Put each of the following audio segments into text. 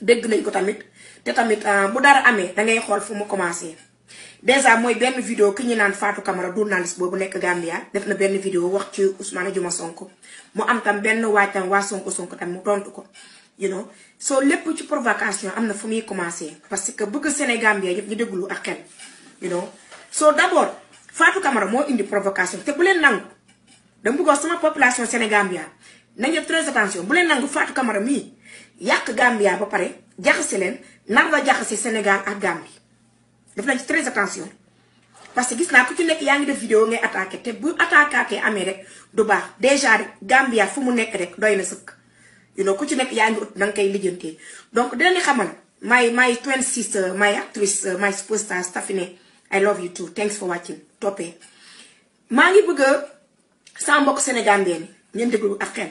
dégg nañ ko tamit te tamit euh, bu dara amee da ngay xool fu mu commencé dèjà mooy benn vidéo ki ñu naan faatu Camara journaliste boobu nekk Gambia def na benn vidéo wax ci Ousmane Juma Sonko mu am tam benn waay tam waa Sonko Sonko tam mu tontu ko you know soo lépp ci provocation am na fu muy commencé parce que bëgg Sénégambia yëpp ñu déglu ak xel you know soo d' faatu Camara moo indi provocation te bu leen nangu dama bëggoon sama population Sénégambia nañu def très bu leen nangu Fatou Camara mii. yàq Gambia ba pare jaxase leen nar la jaxase Sénégal ak Gambie def nañ ci très attention parce que gis naa ku ci nekk yaa ngi def vidéo ngay attaqué te bu attaquaatee amee rek du baax déjà Gambia fu mu nekk rek doy na sëkk you know ku ci nekk yaa ngi ut danga koy lijjantee donc dinañu xamal my my 26 may actrice my superstar Stafine I love you too thanks for watching toppee maa ngi bëgg a saa mbokk Sénégambien ñeen déglu ak xel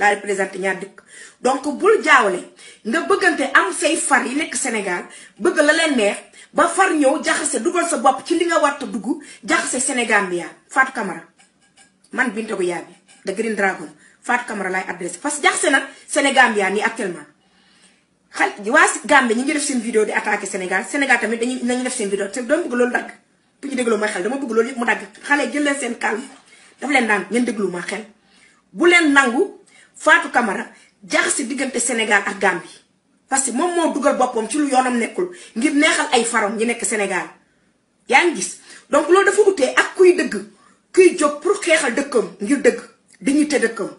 la représente ñaar dëkk donc bul jaawlé nga bëggante am say far yi nek Sénégal bëgg la leen neex ba far ñew jaxase duggal sa bop ci li nga wattu dugg jaxase Sénégal bi Camara man bu yaabi Green Dragon Fat Camara lay adresse fas que nak na Sénégal bi yaa nii actuellement xal waa gambe ñi ngi def seen vidéo di attaquer Sénégal Sénégal tamit dañuy nañu def seen vidéo te dama bëgg loolu dag bu ñu dégglu mooy xal dama bëgg loolu yëpp mu dag xalé jël leen seen calme daf leen daan ñen dégglu ma xel bu leen nangu. faatu Camara jax si diggante Sénégal ak gàmbi parce que moom moo dugal boppam ci lu yoonam nekkul ngir neexal ay faram ñi nekk Sénégal yaa ngi gis donc loolu dafa utee ak kuy dëgg kuy jóg pour xeexal dëkkam ngir dëgg dignité dëkkam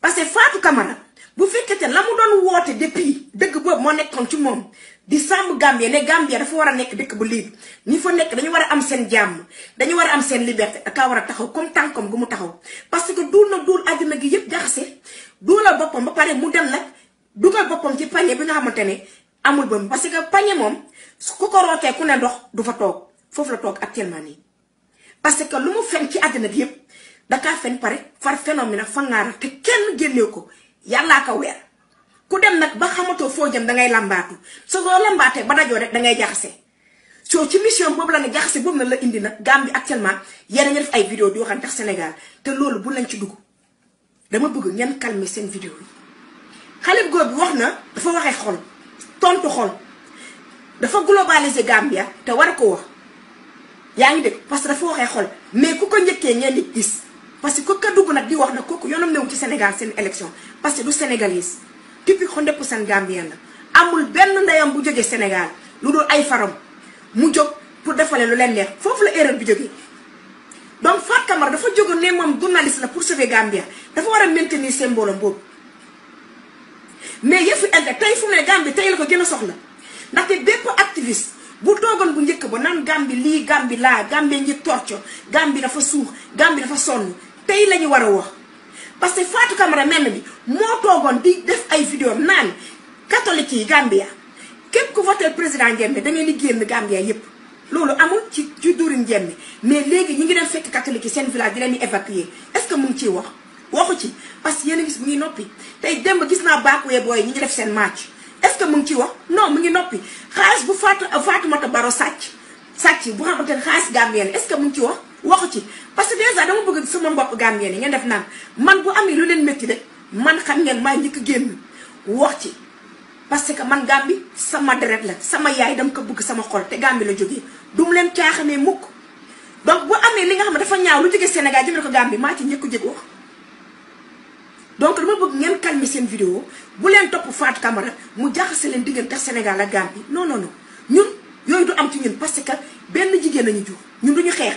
parce que faatu Camara bu fekkete la mu doon woote depuis dëgg boobu moo nekkoon ci moom di sàmm Gambie ne Gambie dafa war a nekk dëkk bu lii ñi fa nekk dañu war a am seen jàmm dañu war a am seen liberté aka war a taxaw comme tànkam gu mu taxaw parce que duul na duul àddina gi yëpp jaxase duulal boppam ba pare mu dem dugal boppam ci pañe bi nga xamante ne amul parce que pañe moom ku ko rootee ku ne ndox du fa toog foofu la toog actuellement nii parce que lu mu fen ci àddina gi yëpp dakaa fen pare far phénomène fangaara te kenn génneew ko yàllaa ko weer ku dem nak ba xamato fo jëm da ngay lambaatu so do lambaatee ba dajo rek da ngay jaxase soo ci mission bobu la ne jaxase bobu na la indi nak gambi actuellement yéen ñu def ay vidéo di waxan tax Sénégal té loolu bu lañ ci dugg dama bëgg ñen calmer sen vidéo yi xale bi waxna dafa waxé xol tontu xol dafa globaliser Gambia té war ko wax yaangi ngi parce dafa waxé xol mais ku ko ñëkke ñen di gis parce que ko ka dugg nak di wax na kooku yoonam neew ci Sénégal sen élection parce que du sénégalais. typique hundred percent Gambien la amul benn ndeyam bu jógee Sénégal lu dul ay faram mu jóg pour defalee lu leen neex foofu la erreur bi jógee donc Fatou Camara dafa jógoon ne moom journaliste la pour sauver Gambia dafa war a maintenir seen mbooloo boobu mais yëfu intérêt tey fu mu ne Gambie tey la ko gën a soxla ndaxte bépp activiste bu toogoon bu njëkk ba naan Gambie lii Gambie laa Gambie ñi torco Gambie dafa suux Gambie dafa sonn tey la war a wax parce que Fatou Camara mel bi moo toogoon di def ay vidéo naan catholique yi Gambia képp ku voté président Jammeh da ngeen di génn Gambia yépp loolu amul ci ci durin Jammeh mais léegi ñi ngi dem fekk catholique yi seen village di leen di évacuer est-ce que mu ngi ciy wax waxu ci parce que yéen a gis mu ngi noppi tey démb gis naa baakuwee booy ñi ngi def seen match est-ce que mu ngi ciy wax non mu ngi noppi xaalis bu Fatou Fatoumata Baro sàcc sàcc bu xamante ne xaalis Gambien est-ce que mu ngi ciy wax waxu ci parce que déjà dama bëgg sama mbokk gambien yi ngeen def naan man bu amee lu leen metti de man xam ngeen ma ñëk génn wax ci parce que man gambi sama dérèt la sama yaay dama ko bëgg sama xol té gambi la joggé dum leen caaxamee mukk donc bu amé li nga xam dafa ñaaw lu joggé Sénégal jëmee ko gambi ma ci ñëk jëg wax donc dama bëgg ngeen calmer seen vidéo bu leen top faat Camara mu jaxase leen diggante Sénégal ak gambi non non non ñun yoy du am ci ñun parce que benn jigéen lañu jur ñun duñu xéx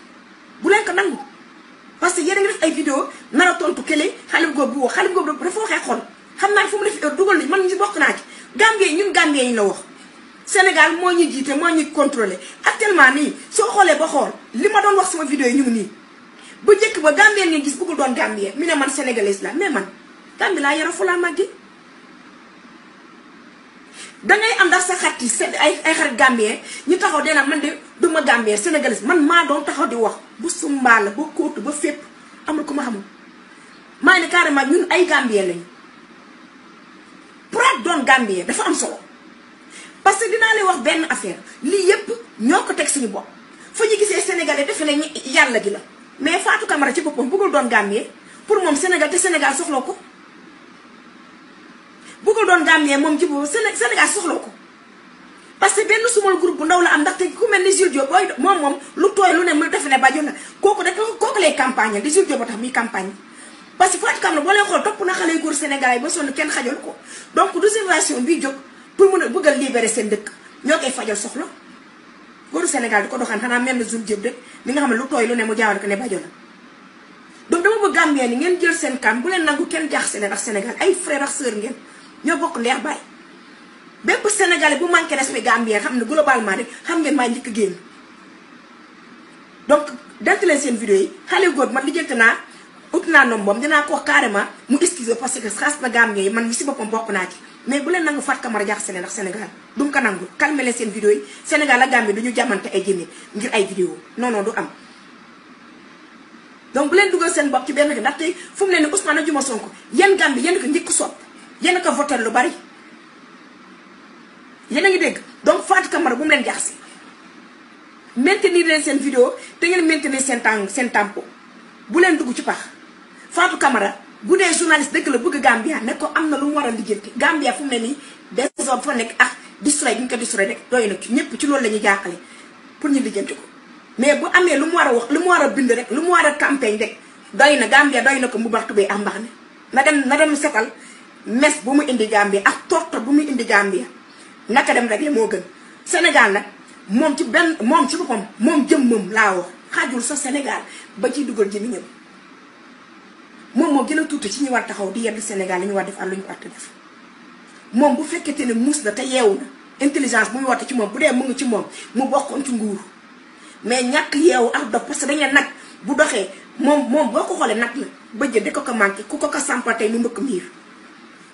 bu leen ko nangu parce que yéen def ay vidéo nar a tontu kële xale bu góor bu woo xale bu góor dafa waxee xol xam naa ne fu mu def dugal ni man ñu bokk naa ci Gambie ñun Gambie yi la wax Sénégal moo ñu jiite moo ñu contrôlé actuellement nii soo xoolee ba xool li ma doon wax sama vidéo yi ñu nii bu njëkk ba Gambien ngeen gis bëggul doon Gambien mi ne man sénégalaise la mais man Gambie laa yara fu laa màggee dangay am ndax sa xarit se ay ay xarit gambien ñu taxaw dee na man de du ma gambien sénégalais man maa doon taxaw di wax bu la ba kóotu ba fépp amul ku ma xamul maa ne carrément ñun ay gambien lañu pour doon gambien dafa am solo parce que dinaa lay wax benn affaire lii yépp ñoo ko teg suñu bopp foo ñu gisee sénégalais defe nañu yàlla gi la mais Fatou Camara ci boppam bëggul doon gambien pour moom Sénégal te Sénégal soxla ko. bu ko doon gàmmee moom ci boobu Sénégal soxla ko parce que benn sumal groupe bu ndaw la am ndaxte ku mel ni Jules Diop booy moom moom lu tooy lu ne mu defe ne bàjjo na kooku rek kooku lay campagne di Jules Diop campagne parce que Fatou Kamara boo leen xool topp na xale yu góor Sénégal yi kenn xajal ko donc du génération bi pour mun a bëgg a libérer seen dëkk ñoo koy soxla góoru Sénégal di ko doxaan xanaa mel na Jules Diop rek mi nga xam ne lu tooy lu ne mu jaawal ko ne bàjjo na donc dama bëgg Gambien ni ngeen jël seen kam bu leen nangu kenn jaaxase senegal ak Sénégal ay frères ak sœurs ngeen ñoo bokk leer bay bép sénégalais bu manké respect gambien xam ne globalement rek xam ngeen ma ñëk génn donc dant leen seen vidéo yi xale góor man lijjanti naa ut naa nombom dina ko wax carrément mu excuse parce que xass na gambien man ci bopam bokk na ci mais bu len nang fat kamara jax sénégal ndax sénégal du ko nangul calmer leen seen vidéo yi sénégal ak gambie duñu jamanté ay jëmee ngir ay vidéo non non du am donc bu leen dugal seen bopp ci benn ndaxte fu mu ne ni ousmane ak juma sonko ko sopp yéen a ko lu bari yéen a ngi dégg donc Fatou Camara bu mu leen jaxase maintenir leen seen vidéo te ngeen maintenir seen temps seen tempo bu leen dugg ci pax Fatou Camara bu dee journaliste dëgg la bëgg Gambia nekk ko am na lu mu war a lijjanti Gambia fu mu ne nii désordre fa nekk ah distrait bi ñu ko distrait rek doy na ci ñëpp ci loolu la ñuy jaaxale pour ñu lijjanti ko mais bu amee lu mu war a wax lu mu war a bind rek lu mu war a campagne rek doy na Gambia doy na ko mu bartu bi am mbax ne na dem na dem setal mes bu mu indi Gambia ak torto bu mu indi Gambia naka dem rek moo gën Sénégal nag moom ci benn moom ci boppam moom jëmmam laa wax xaajul sa Sénégal ba ciy dugal ji ñëw moom moo gën a ci ñi taxaw di yedd Sénégal li ñu war def lu ñu war def moom bu fekkete ne muus na te yeewu na intelligence bu ci moom bu dee mu ngi ci moom mu bokkoon ci nguur mais ñàkk yeewu ak dox parce nag bu doxee moom moom boo ko xoolee nag la bëjjë di ko ko manqué ku ko ko sampatee mu mbëkk miir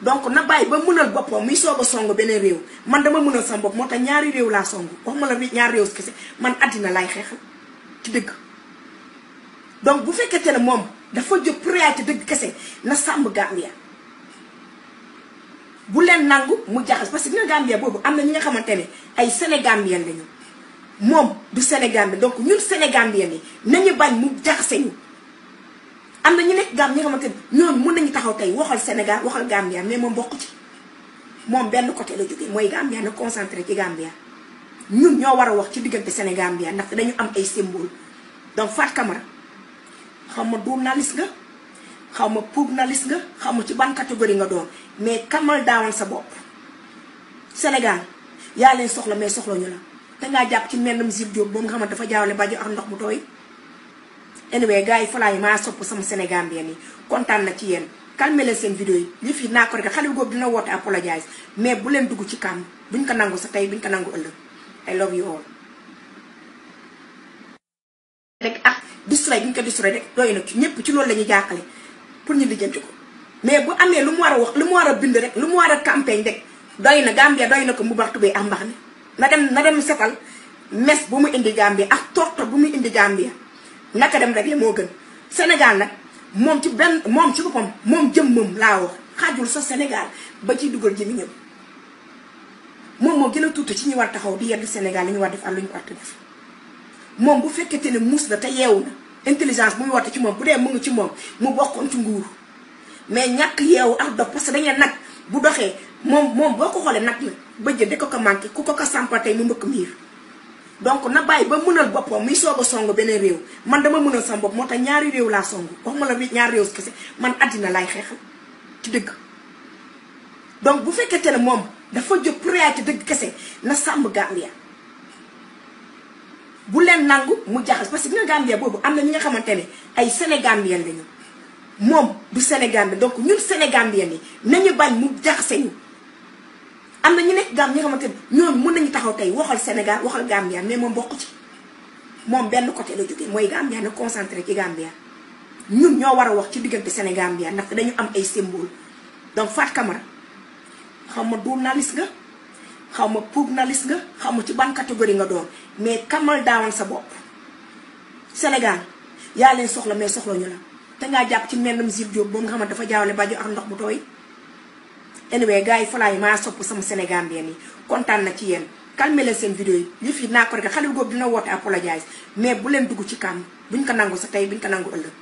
donc na bàyyi ba mënal boppam muy soog a beneen réew man dama mënal sama bopp moo tax ñaari réew laa wax ma la ñaari réew kese man àddina laay xeexal ci dëgg donc bu fekkente ne moom dafa jot pour ci dëgg kese na sàmm Gambia bu leen nangu mu jaxas parce que dina boobu am na ñi nga xamante ne ay Sénégambien lañu moom du Sénégambien donc ñun Sénégambien yi nañu bañ mu jaxase ñu am na ñu nekk gàmm ñi na xamante ni ñooñu mun nañu taxaw tey waxal Sénégal waxal Gambia mais moom bokk ci moom benn côté la jógee mooy Gambia na concentré ci Gambia ñun ñoo war a wax ci diggante Sénégal Gambia ndax dañu am ay symbole donc Fatou Camara xaw ma journaliste nga xaw ma journaliste nga xaw ma ci ban catégorie nga doon mais kamal daawal sa bopp Sénégal yaa leen soxla mais soxla ñu la dangaa jàpp ci mel ni Zib Diop moom nga xamante dafa jaawale bàjjo ak ndox mu tooy. anyway gars yi falaa yi maa sopp sama Sénégambien yi kontaan na ci yéen calmé leen seen vidéo yi li fi naa ko rek xale boobu dina woote apologize mais bu leen dugg ci kàmm buñ ko nangu sa tey buñ ko nangu ëllëg I love you all. rek ah ñu ko destroy rek doy na ci ñëpp ci loolu la ñuy pour ñu lijjanti ko mais bu amee lu mu war a wax lu mu war a bind rek lu mu war a campagne rek doy na Gambia doy na ko mu bax tubéy am mbax ne na dem na dem setal mes bu mu indi Gambia ak torto bu mu indi Gambia. naka dem réglé moo gën Sénégal nag moom ci benn moom ci boppam moom jëm moom laa wax xaajul sa Sénégal ba ciy dugal jëmi ñëw moom moo gën a tuuti ci ñi war taxaw di yedd Sénégal li ñu war def ak lu ñu war def moom bu fekkente ne muus na te yeewu na intelligence woote ci moom bu dee mu ngi ci moom mu bokkoon ci nguur mais ñàkk yeewu ak dox parce que nag bu doxee moom moom boo ko xoolee nag ba bëjjën di ko ko manqué ku ko ko sampatey mu mbëkk miir donc na bàyyi ba mënal boppam muy soog a beneen réew man dama mënal sama bopp moo tax ñaari réew laa wax ma la ñaari réew kese man àddina laay xeexal ci dëgg donc bu fekkente ne moom dafa jóg pour ci dëgg kese na sàmb Gambia bu leen nangu mu jaxas parce que nga Gambia boobu am na ñi nga xamante ne ay Sénégambien lañu moom du Sénégambien donc ñun Sénégambien yi nañu bañ mu jaxase ñu am na ñu nekk Gambie ñi xamante ne ñoom taxaw tey waxal Sénégal waxal Gambia mais moom bokk ci moom benn côté la jógee mooy Gambia na concentré ci Gambia ñun ñoo war a wax ci diggante Sénégal Gambia ndax dañu am ay symbole donc Fatou Camara xaw ma journaliste nga xaw ma journaliste nga xaw ma ci ban catégorie nga doon mais kamal daawal sa bopp Sénégal yaa leen soxla mais soxla ñu la te ngaa jàpp ci mennum Zil Diop ba nga xam ne dafa jaawale baju ak ndox mu tooy anyway gars yi fa laay maa sopp sama Sénégal bien yi kontaan na ci yéen calmer leen seen vidéo yi yëf yi naa ko rek xale boobu dina woote apologize mais bu leen dugg ci kàmm buñ ko nangu sa tey buñ ko nangu ëllëg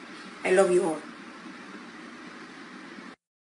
I love you